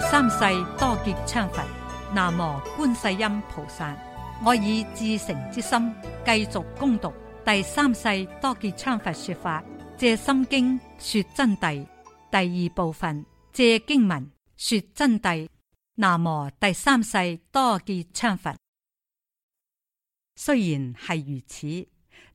第三世多杰羌佛，南無觀世音菩薩。我以至誠之心繼續攻讀第三世多杰羌佛說法，藉心經說真諦第二部分，藉經文說真諦。南無第三世多杰羌佛。雖然係如此，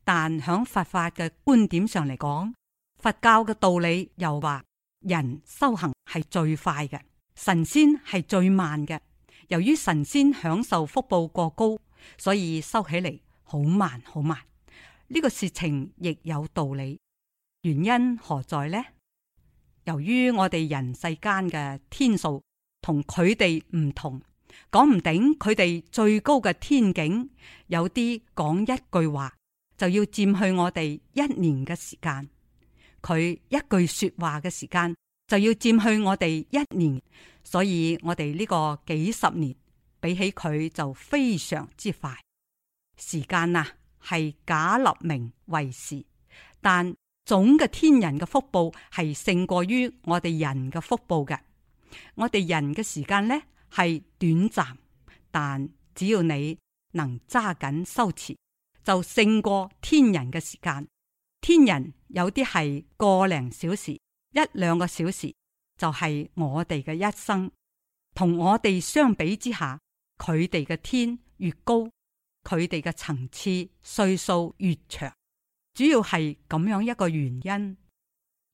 但響佛法嘅觀點上嚟講，佛教嘅道理又話人修行係最快嘅。神仙係最慢嘅，由於神仙享受福報過高，所以收起嚟好慢好慢。呢、這個事情亦有道理，原因何在呢？由於我哋人世間嘅天數同佢哋唔同，講唔定佢哋最高嘅天境，有啲講一句話就要佔去我哋一年嘅時間，佢一句說話嘅時間。就要佔去我哋一年，所以我哋呢個幾十年比起佢就非常之快。時間啊，係假立名為時，但總嘅天人嘅福報係勝過於我哋人嘅福報嘅。我哋人嘅時間呢，係短暫，但只要你能揸緊修持，就勝過天人嘅時間。天人有啲係個零小時。一兩個小時就係我哋嘅一生，同我哋相比之下，佢哋嘅天越高，佢哋嘅層次歲數越長。主要係咁樣一個原因。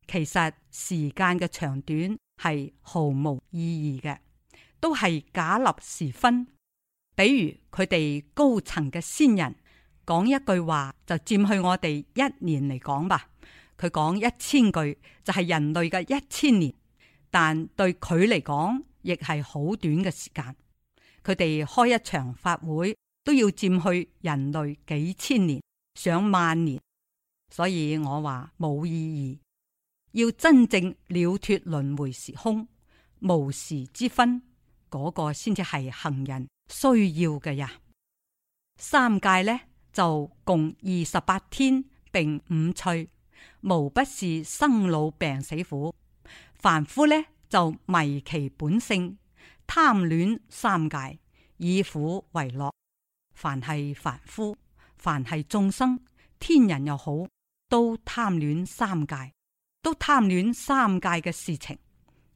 其實時間嘅長短係毫無意義嘅，都係假立時分。比如佢哋高層嘅先人講一句話，就佔去我哋一年嚟講吧。佢講一千句就係、是、人類嘅一千年，但對佢嚟講亦係好短嘅時間。佢哋開一場法會都要佔去人類幾千年、上萬年，所以我話冇意義。要真正了脫輪回時空無時之分，嗰、那個先至係行人需要嘅呀。三界呢，就共二十八天，並五趣。無不是生老病死苦，凡夫呢，就迷其本性，貪戀三界以苦為樂。凡係凡夫，凡係眾生，天人又好，都貪戀三界，都貪戀三界嘅事情，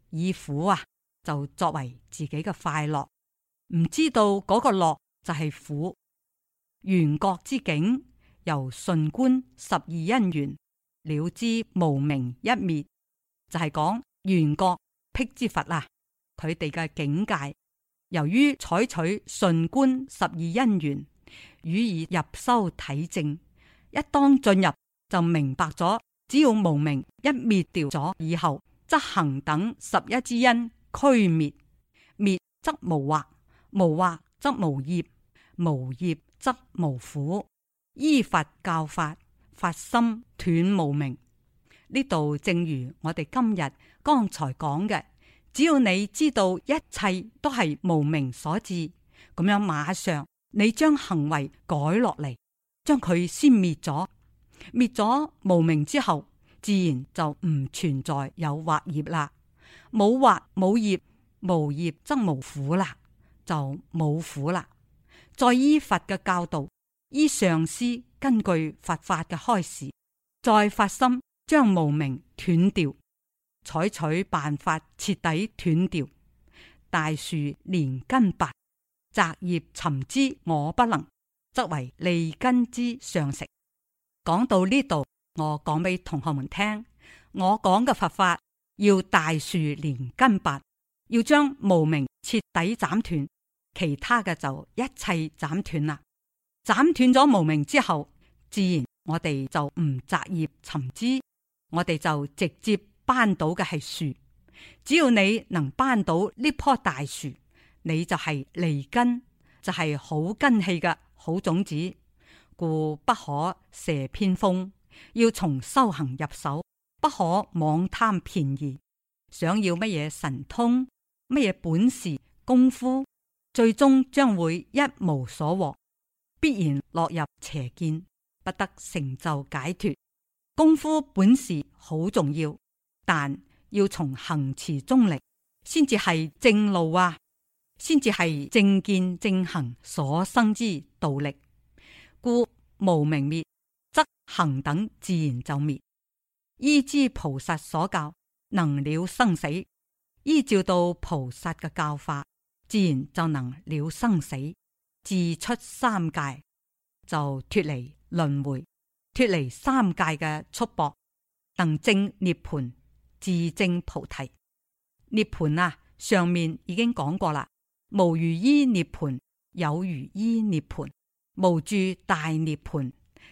以苦啊就作為自己嘅快樂，唔知道嗰個樂就係苦。圓覺之境，由順觀十二因緣。了知無明一滅，就係講緣覺辟支佛啊！佢哋嘅境界，由於採取順觀十二因緣，予以入修體證，一當進入就明白咗。只要無明一滅掉咗，以後則行等十一之因驅滅，滅則無惑，無惑則無業，無業則無苦，依佛教法，法心斷無明，呢度正如我哋今日剛才講嘅，只要你知道一切都係無明所致，咁樣馬上你將行為改落嚟，將佢先滅咗。滅咗無明之後，自然就唔存在有惑業啦，冇惑冇業，無業則無苦啦，就冇苦啦。再依佛嘅教導，依上師。根據佛法嘅開始，再發心將無明斷掉，採取辦法徹底斷掉。大樹連根拔，摘葉尋枝，我不能，則為利根之上食。講到呢度，我講俾同學們聽，我講嘅佛法要大樹連根拔，要將無明徹底斬斷，其他嘅就一切斬斷啦。斬斷咗無明之後。自然，我哋就唔摘葉尋枝，我哋就直接扳倒嘅係樹。只要你能扳倒呢棵大樹，你就係利根，就係、是、好根氣嘅好種子。故不可蛇偏鋒，要從修行入手，不可妄貪便宜。想要乜嘢神通、乜嘢本事、功夫，最終將會一無所獲，必然落入邪見。不得成就解脫，功夫本事好重要，但要從行持中嚟，先至係正路啊！先至係正見正行所生之道力，故無明滅，則行等自然就滅。依之菩薩所教，能了生死，依照到菩薩嘅教法，自然就能了生死，自出三界就脫離。輪迴脫離三界嘅束縛，能證涅槃，自證菩提。涅槃啊，上面已經講過啦。無如依涅槃，有如依涅槃，無住大涅槃，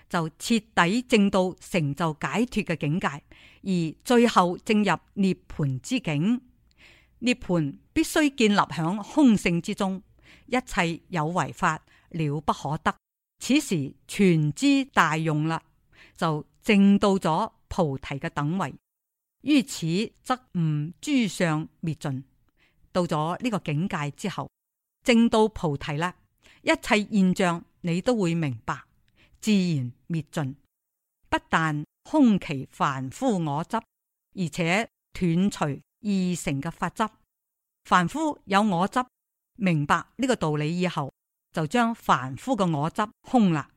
就徹底證到成就解脫嘅境界，而最後證入涅槃之境。涅槃必須建立喺空性之中，一切有為法，了不可得。此時全知大用啦，就證到咗菩提嘅等位。於此則悟諸相滅盡，到咗呢個境界之後，證到菩提啦，一切現象你都會明白，自然滅盡。不但空其凡夫我執，而且斷除二乘嘅法則。凡夫有我執，明白呢個道理以後。就將凡夫嘅我執空啦，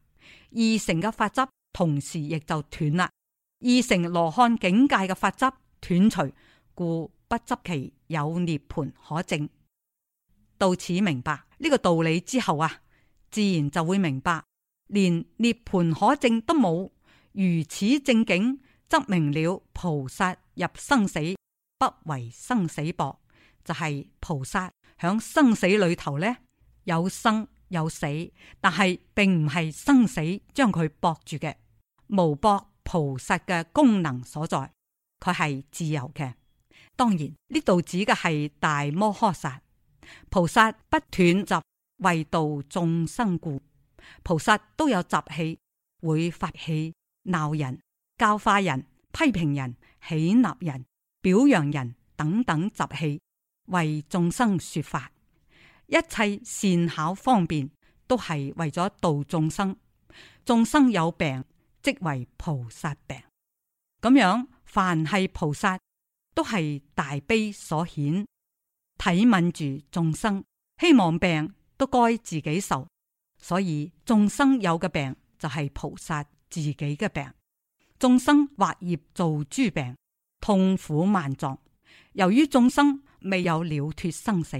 二成嘅法執同時亦就斷啦，二成羅漢境界嘅法執斷除，故不執其有涅盤可證。到此明白呢、這個道理之後啊，自然就會明白，連涅盤可證都冇，如此正經，則明了菩薩入生死不為生死薄，就係、是、菩薩響生死裏頭呢有生。有死，但係並唔係生死將佢搏住嘅，無搏菩薩嘅功能所在，佢係自由嘅。當然呢度指嘅係大摩訶薩菩薩不斷習為度眾生故，菩薩都有習氣，會發氣鬧人、教化人、批評人、喜納人、表揚人等等習氣，為眾生說法。一切善巧方便都係為咗度眾生，眾生有病即為菩薩病。咁樣凡係菩薩都係大悲所顯，體憫住眾生，希望病都該自己受。所以眾生有嘅病就係、是、菩薩自己嘅病。眾生惑業造諸病，痛苦萬狀。由於眾生未有了脫生死，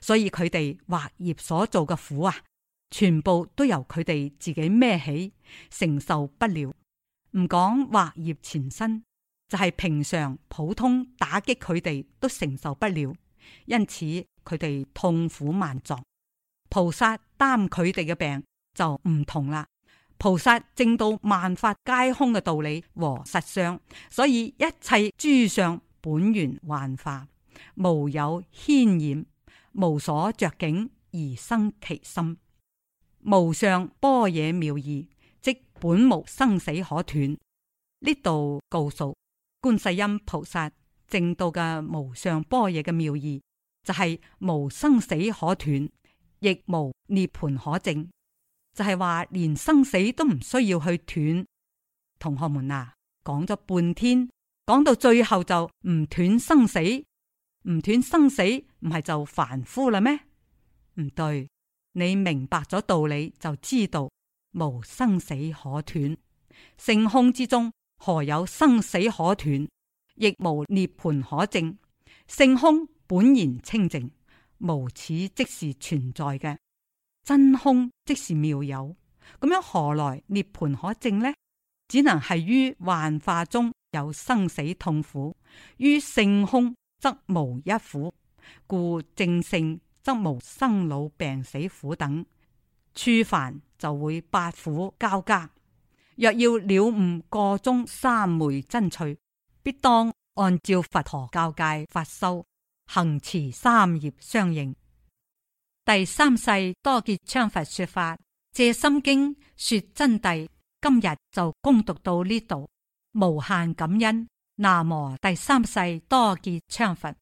所以佢哋畫業所做嘅苦啊，全部都由佢哋自己孭起，承受不了。唔講畫業纏身，就係、是、平常普通打擊佢哋都承受不了，因此佢哋痛苦萬狀。菩薩擔佢哋嘅病就唔同啦，菩薩證到萬法皆空嘅道理和實相，所以一切諸相本源幻化。無有牽染，無所着境而生其心。無上般若妙義，即本無生死可斷。呢度告訴觀世音菩薩正道嘅無上般若嘅妙義，就係、是、無生死可斷，亦無涅槃可證。就係、是、話連生死都唔需要去斷。同學們啊，講咗半天，講到最後就唔斷生死。唔斷生死，唔係就凡夫啦咩？唔對，你明白咗道理就知道，無生死可斷，性空之中何有生死可斷？亦無涅槃可證。性空本然清淨，無此即是存在嘅真空，即是妙有。咁樣何來涅槃可證呢？只能係於幻化中有生死痛苦，於性空。則無一苦，故正性則無生老病死苦等。處凡就會八苦交加。若要了悟個中三昧真趣，必當按照佛陀教誡法修，行持三業相應。第三世多杰羌佛說法《藉心經》說真諦，今日就攻讀到呢度，無限感恩。南無第三世多杰羌佛。